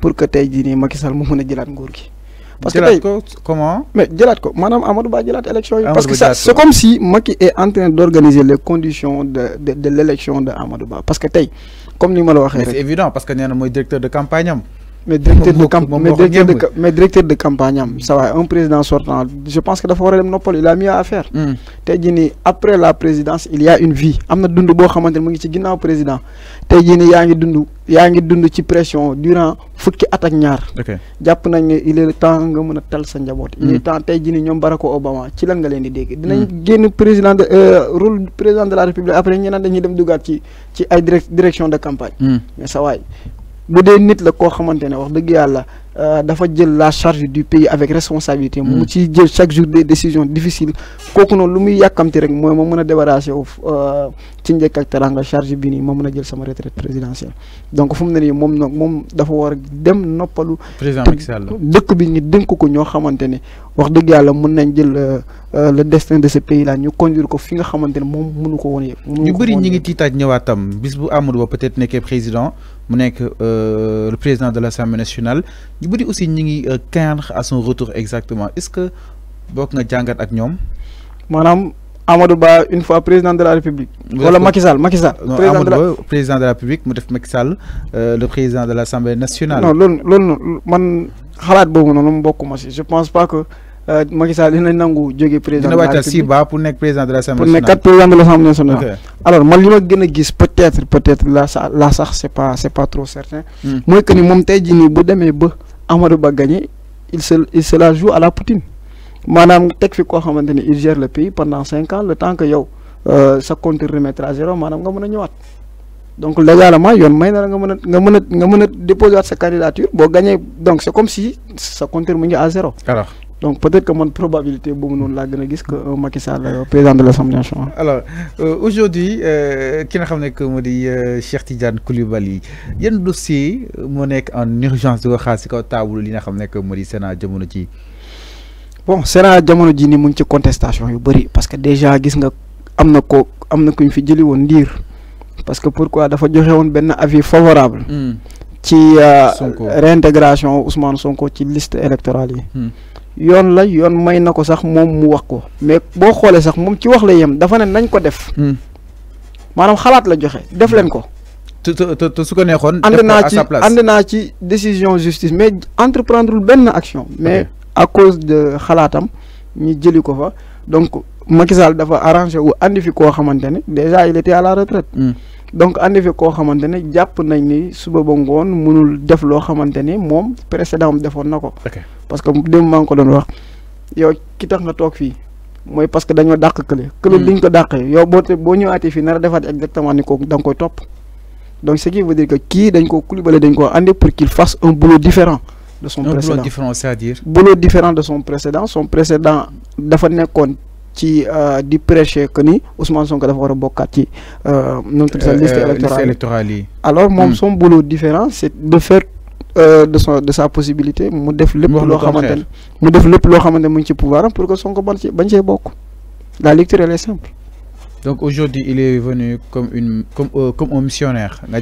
pour que tu aies. Macky Sall mu nguur que comment. mais jëlaat ko manam Amadou Ba parce que c'est comme si Macky est en train d'organiser les conditions de de de l'élection de Amadou Ba parce que tay comme ni ma c'est évident parce que y moy directeur de campagne mais directeur de camp mais directeur de campagne ça va un président sortant je pense que dafa war a dem noppal il a mieux à faire. Hmm. tey après la présidence il y a une vie am na dund boo xamante ne ngi ci ginnaaw président tey jii nii yaa ngi dund yaa ngi dund ci pression durant fukki at ak ñaar. jàpp nañ ne il est le temps nga mën a tal sa njaboot. il est hmm. temps tey jii nii Obama ci lan nga leen di dégg. dinañ hmm. génn président de euh, rôle président de la république après ñeneen dañuy dem dugaat ci ci ay direction de campagne. mais ça va bu nit la ko xamante wax dëgg yàlla euh, dafa jël la charge du pays avec responsabilité. Mm. mu ci jël chaque jour des décisions difficiles kooku non lu muy yakamti rek mooy mo mën a euh ci njëkk ak teranga charge bi ni mo mën jël sama retraite présidentielle. donc fum mu ne nii mom dafa war dem noppalu. président Macky Sall dëkk bi ñu dénk ko ñoo xamante wax euh, euh, le destin de ce pays là ñu ko fi nga mënu ko ñu ñi ngi peut-être président euh, le président de l'Assemblée nationale aussi à son retour exactement est-ce que vous nga ak Amadou Ba une fois président de la République. Voilà Macky Sall Macky Sall. président de la président de la République mu def Macky Sall euh, le président de l'Assemblée nationale. non non, non, man xalaat boobu non, non bokk ma je pense pas que euh, Macky Sall dina nangu jóge président. de la République si ba pour être président de l'Assemblée nationale pour être président de l'Assemblée nationale. alors man li ma gën gis peut être peut être la sax la ça c'est pas c' pas trop certain. Hmm. Moi, que ni moom tey jii bu demee ba Amadou Ba gagné il se il se la joue à la Poutine manam tek fi ko xamanteni il gère le pays pendant 5 ans le temps que yow euh sa compte remettre à zéro manam nga mën a ñëwaat donc légalement yone may na nga mën nga mën nga mën déposer sa candidature bo gagner donc c'est comme si sa compte mu ngi à zéro. alors donc peut-être que mon probabilité boobu noonu la gën gis que euh, Macky Sall euh, président de l' assemblée nationale. alors euh, aujourd'hui euh, ki nga xam ne que moo di Cheikh Tidiane Koulibaly yeen dossier mo nek en urgence di ko xaar si table li nga xam ne que moo di Sénat jamono ci bon Sénat jamono ji ni mu ci contestation yu bari parce que déjà gis nga amna ko amna kuñ fi jëli won ndiir parce que pourquoi dafa joxe woon benn avis favorable. Hmm. ci euh, réintégration Ousmane Sonko ci liste électorale yi. Hmm. yoon la yoon may nako sax mom mu wax ko mais bo xolé sax mom ci wax la yem dafa ne nañ ko def. Hmm. manam xalat la joxe def len ko. te te te su ko ci ànd naa ci décision justice mais entreprendre ben action mais à cause de Khalatam, ni jeli ko donc Macky Sall dafa arrangé ou andi fi déjà il était à la retraite. Mm. donc andi fi koo xamante ne jàpp nañ ni suba def précédent defoon Nako. parce que démb maa ngi ko yo wax yow ki tax nga tok fi moy parce que dañu dak kële. kële liñ mm. ko daké yow bonio boo ñëwaatee fii exactement ni ko dang top koy top donc ce qui veut dire que ki dañ ko Coulibaly dañ ko andi pour qu'il fasse un boulot différent de son précédent. différent c'est-à-dire. boulot différent de son précédent son précédent dafa nekkoon ci euh, di prêcher que ni Ousmane Sonko dafa war a bokkaat ci. Euh, notre euh, électorale alors mon hmm. son boulot différent c'est de faire. de son de sa possibilité mu def lépp loo xamante ne mu def lépp loo xamante pouvoir pour que son bañ cee beaucoup la lecture elle est simple donc aujourd'hui il est venu comme une comme comme un missionnaire nga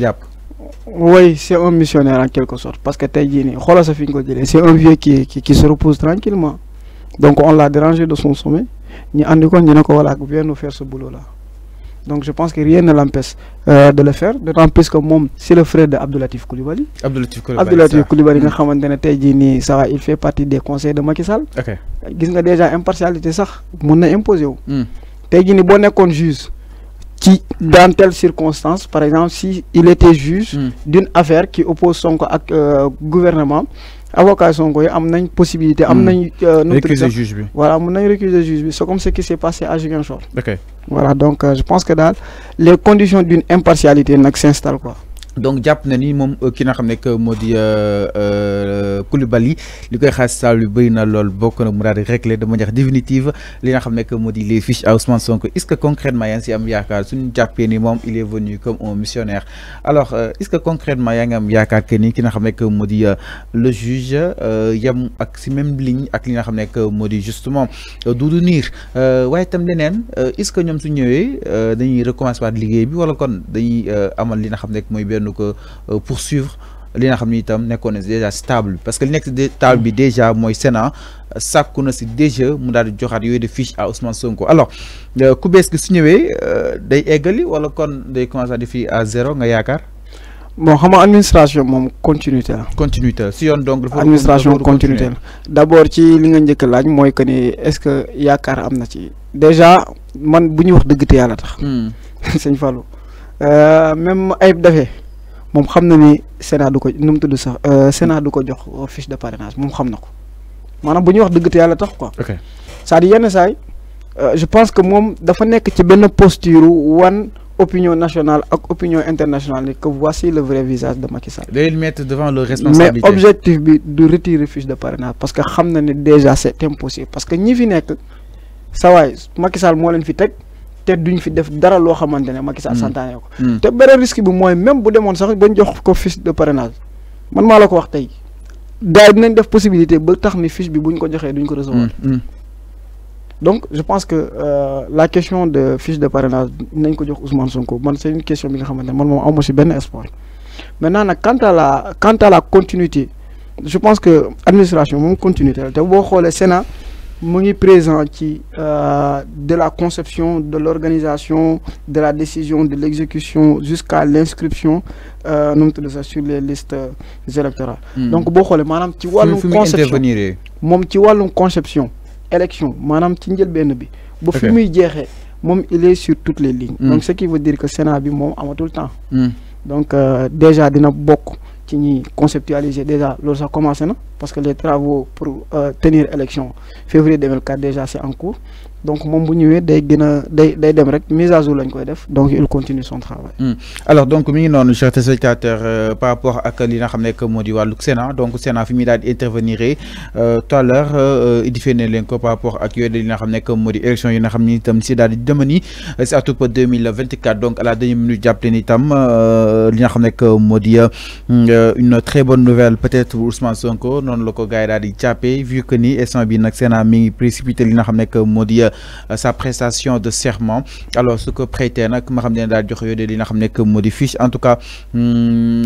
oui, c'est un missionnaire en quelque sorte. Parce que Taïdini, c'est un vieux qui, qui, se repose tranquillement. Donc on l'a dérangé de son sommet. Ni vient nous faire ce boulot-là. Donc je pense que rien ne l'empêche euh, de le faire. D'autant plus que c'est le frère d'Abdoulatif Koulibaly. Abdoulatif Koulibaly. Abdoulatif Koulibaly, ça. Hmm. il fait partie des conseils de Macky Sall. Ok. Il y a déjà impartialité, ça. Il imposé. Mm. Taïdini, bon, est juge qui, dans telles circonstances, par exemple, s'il était juge hmm. d'une affaire qui oppose son euh, gouvernement, avocat Sonko, a une possibilité. Mm. Euh, juge. Voilà, juge. C'est comme ce qui s'est passé à Julien Ok. Voilà, donc euh, je pense que dans les conditions d'une impartialité s'installent donc japp na ni mom ki nga xam que moo di euh, euh, Koulibaly li koy xaas saa na bokk na mu daal di réglé de manière définitive li nga xam que moo les fiches à Ousmane Sonko est ce que concrètement yaa si am yaakaar suñu jappé ni mom il est venu comme un missionnaire alors euh, est ce que concrètement yaa am yaakaar que ni ki nga xam que moo le juge yam ak si même ligne ak li nga xam ne que moo di justement Doudou Ndir waaye itam leneen est ce que ñom su ñëwee dañuy recommencer waat liggéey bi wala kon dañuy amal li nga xam ne benn que euh, poursuivre li armes connaissent déjà stable parce que les next si déjà Sénat ça connaît déjà de à Ousmane Sonko alors le est-ce que day wala kon day à zéro bon administration mon continuité continuité si on donc. administration continuité d'abord ci que nga est ce que déjà mon de à c'est une même mom xam na ni Sénat duko num nu sax euh Sénat duko jox fiche de parrainage moom xam na ko maanaam wax deug te yalla tax quoi. ok c'est-à-dire yenn saay euh, je pense que moom dafa nek ci ben posture wan opinion nationale ak opinion internationale ni que voici le vrai visage de Macky Sall. day mettre devant le responsabilité mais objectif bi du retirer fiche de parrainage parce que xam na ni déjà c'est impossible parce que ñi fi nek sa waay Macky Sall mo leen fi teg d'une duñ fi def dara loo xamante ne Macky Sall mm. santaane ko mm. te beneen risque bi même bu demoon sax bañ jox ko fiche de parrainage man mal la ko wax tey gars yi dinañ def possibilité ba tax ni fiche bi buñ ko duñ mm, donc je pense que euh, la question de fiches de parrainage nañ ko jox Ousmane Sonko man c'est une question bi nga xamante ne man moom espoir maintenant quant à la quant à la continuité je pense que administration continue continuité la te boo Sénat je présent euh, de la conception de l'organisation de la décision de l'exécution jusqu'à l'inscription euh, sur les listes électorales hmm. donc boo madame maanaam ci wàllum conception moom ci wàllum conception élection madame ci BNB. bi ba fi dire, mon il est sur toutes les lignes hmm. donc ce qui veut dire que Sénat bi tout le temps hmm. donc euh, déjà y a beaucoup ni conceptualiser déjà ça a commencé na parce que les travaux pour euh, tenir élection février 2004 déjà c'est en cours donc mon bu est day gën a day day dem mise à jour lañ donc il continue son travail. Hmm. alors donc mi non chers téléspectateurs euh, par rapport à li que xam ne moo di Sénat donc Sénat fi fait euh, tout à l'heure il a fait leen par rapport à ce li nga xam élection yi nga xam ni ni 2024 donc à la dernière minute j'appelle leen dit li nga xam une très bonne nouvelle peut-être Ousmane Sonko non loko dit gars di vu que ni et bi bien accès mi précipité li nga que euh, sa prestation de serment alors ce que prêté que ma xamné ne jox de li que modifie fiche en tout cas. Hmm,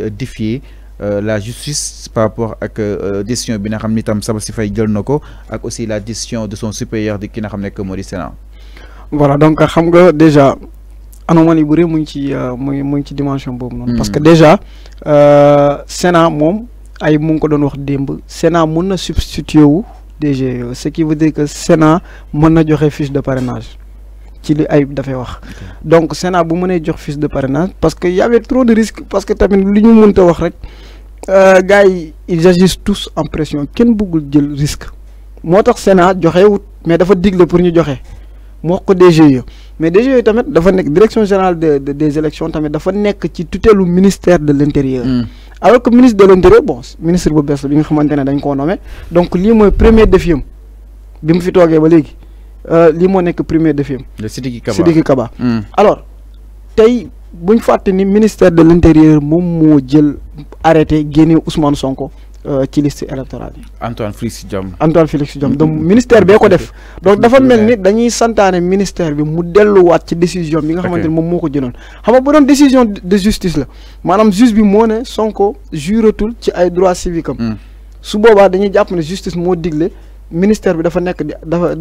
Euh, défier euh, la justice par rapport à euh, décision bi nga tam aussi la décision de son supérieur de qui Sénat. voilà donc xam nga déjà anomalie bu re mu ci dimension hmm. parce que déjà Sénat mom ay mu ko Sénat na e e, ce qui veut dire que Sénat mën na joxe fiche de parrainage ci li ayib dafay wax donc Sénat bu mënee jox fils de parrainage parce qu'il y avait trop de risques parce que tamit li ñu mënta wax rek euh, gars ils agissent tous en pression kenn bëggul jël risque Moi, le Sénat joxe wut mais dafa digle pour ñu joxe moo ko DGE mais DGE tamit dafa nekk direction générale des élections tamit dafa nekk ci le ministère de l'Intérieur. Hmm. alors que ministre de l'Intérieur, bon, bon ministre de l'Intérieur, la bi nga xamante dañ koo nommé donc lii mooy premier défi am bi mu fi ba euh, li mo nek premier défi am. Sidiki Kaba Sidiki Kaba. Hmm. alors tay bu faté ni ministère de l'intérieur mom mo jël arrêté génne Ousmane Sonko euh, ci liste électorale Antoine Félix diom Antoine Félix diom donc mm-hmm. ministère bee ko def. Mm-hmm. donc dafa mel ni mm-hmm. dañuy santaane ministère bi mu delluwaat ci décision bi nga xamante ni moom moo ko xam nga bu décision de justice la manam juge bi mo né Sonko tout. ci ay droits civiques hmm. su boba dañuy japp ne justice mo diglé ministère bi dafa nekk dafa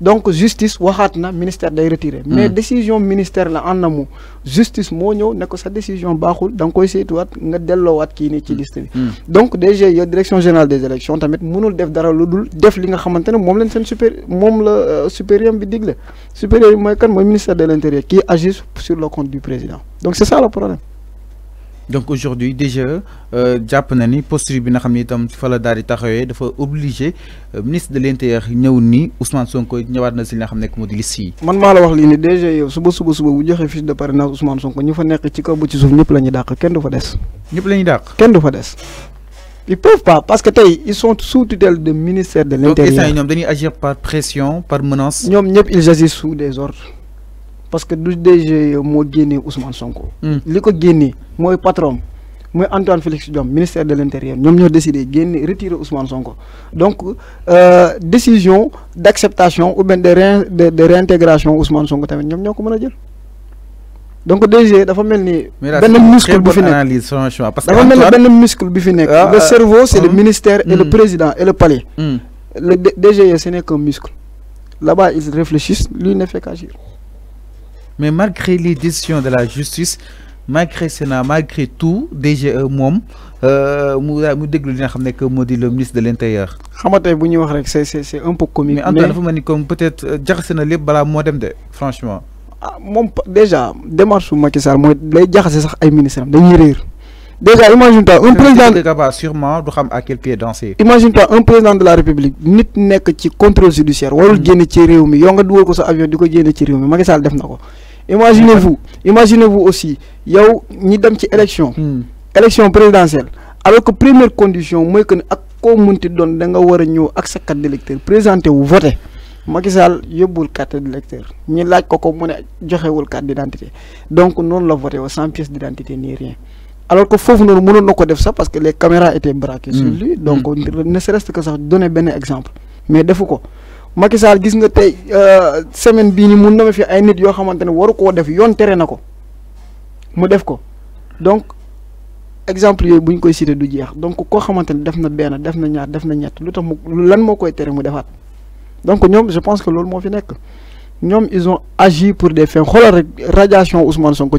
donc justice waxat na ministère day retirer. Hmm. mais décision ministère la en amou justice mo ñeu ne ko sa décision baxul Donc aussi koy saytuwaat nga wat ki ni ci hmm. liste bi hmm. donc ya direction générale des élections tamit mënul def dara luddul def li nga xamantene mom leen le euh, supérieur bi digle supérieur moy kan ministère de l'intérieur qui agit sur le compte du président donc c'est ça le problème donc aujourd'hui déjà euh, japp na ni posture bi nga xamni tam fa la daal di taxawee dafa obligé euh, ministre de l'intérieur ñëw nii Ousmane Sonko ñëwaat na ci li nga xamné ko yi. man maa la wax li ni déjà yow suba suba suba bu joxe fiche de parrainage Ousmane Sonko ñu fa nekk ci ko bu ci suuf ñëpp lañu dakk dàq kenn du fa des. ñëpp lañu dakk dàq kenn du fa des. ils peuvent pas parce que tay, ils sont sous tutelle de ministère de l'intérieur. donc ñoom dañuy agir par pression par menace. ñoom ñëpp ils agissent sous des ordres parce que du DG moo gagné Ousmane Sonko. Hmm. li ko génnee mooy patron moi Antoine Félix Djom, ministère de l'Intérieur nous avons décidé de retirer Ousmane Sonko donc euh, décision d'acceptation ou bien de de réintégration Ousmane Sonko tamit ñoom ñoo on jël. donc DG dafa melni ben benn muscle bu fi nekk muscle ah, bi le ah. cerveau c'est le hmm. ministère et le hmm. président et le palais. le DG ce n'est qu'un muscle là-bas ils réfléchissent lui ne fait qu'agir mais malgré les décisions de la justice malgré Sénat malgré tout DGE mom euh daal mu déglu li nga xam que modi le ministre de l'intérieur intérieur. xam wax rek c'est c'est un peu comique. mais Antoine dafa mel ni comme peut être euh, jaxase lepp bala mo dem de franchement. Ah, mom déjà démarche Macky Sall moy lay jaxase sax ay ministres dañuy réer déjà imagine-toi un président sûrement du xam à quel pied danser. imagine-toi un président de la république nit nek ci contrôle judiciaire warul hmm. génne ci réew mi yow nga dugal ko sa avion di ko génne ci réew mi def na imaginez-vous imaginez-vous aussi yow ni dem ci élection. Hmm. élection présidentielle alors que première condition moi, que ne ak koo munti doon da nga war a ñëw ak sa carte d'électeur présenté wu voté. Macky Sall yóbbuwul carte d'électeur ñi laaj ko ko mu ne joxewul carte d'identité donc non la voter sans pièce d'identité ni rien alors que foofu nous mënoon na ko def ça parce que les caméras étaient braquées sur mm. lui donc mm. ne serait-ce que ça donner ben exemple mais defu ko Macky Sall gis nga euh semaine bi ni mun na fi ay nit yo xamantene ne waru ko def yon téré nako mu def ko donc exemple yooyu buñ koy cité du jeex donc ko xamantene ne def na ben def na ñaar def na ñett lu lan mo koy téré mu defat donc ñom je pense que lool mo fi nek ñom ils ont agi pour des fins xoolal rek radiation Ousmane Sonko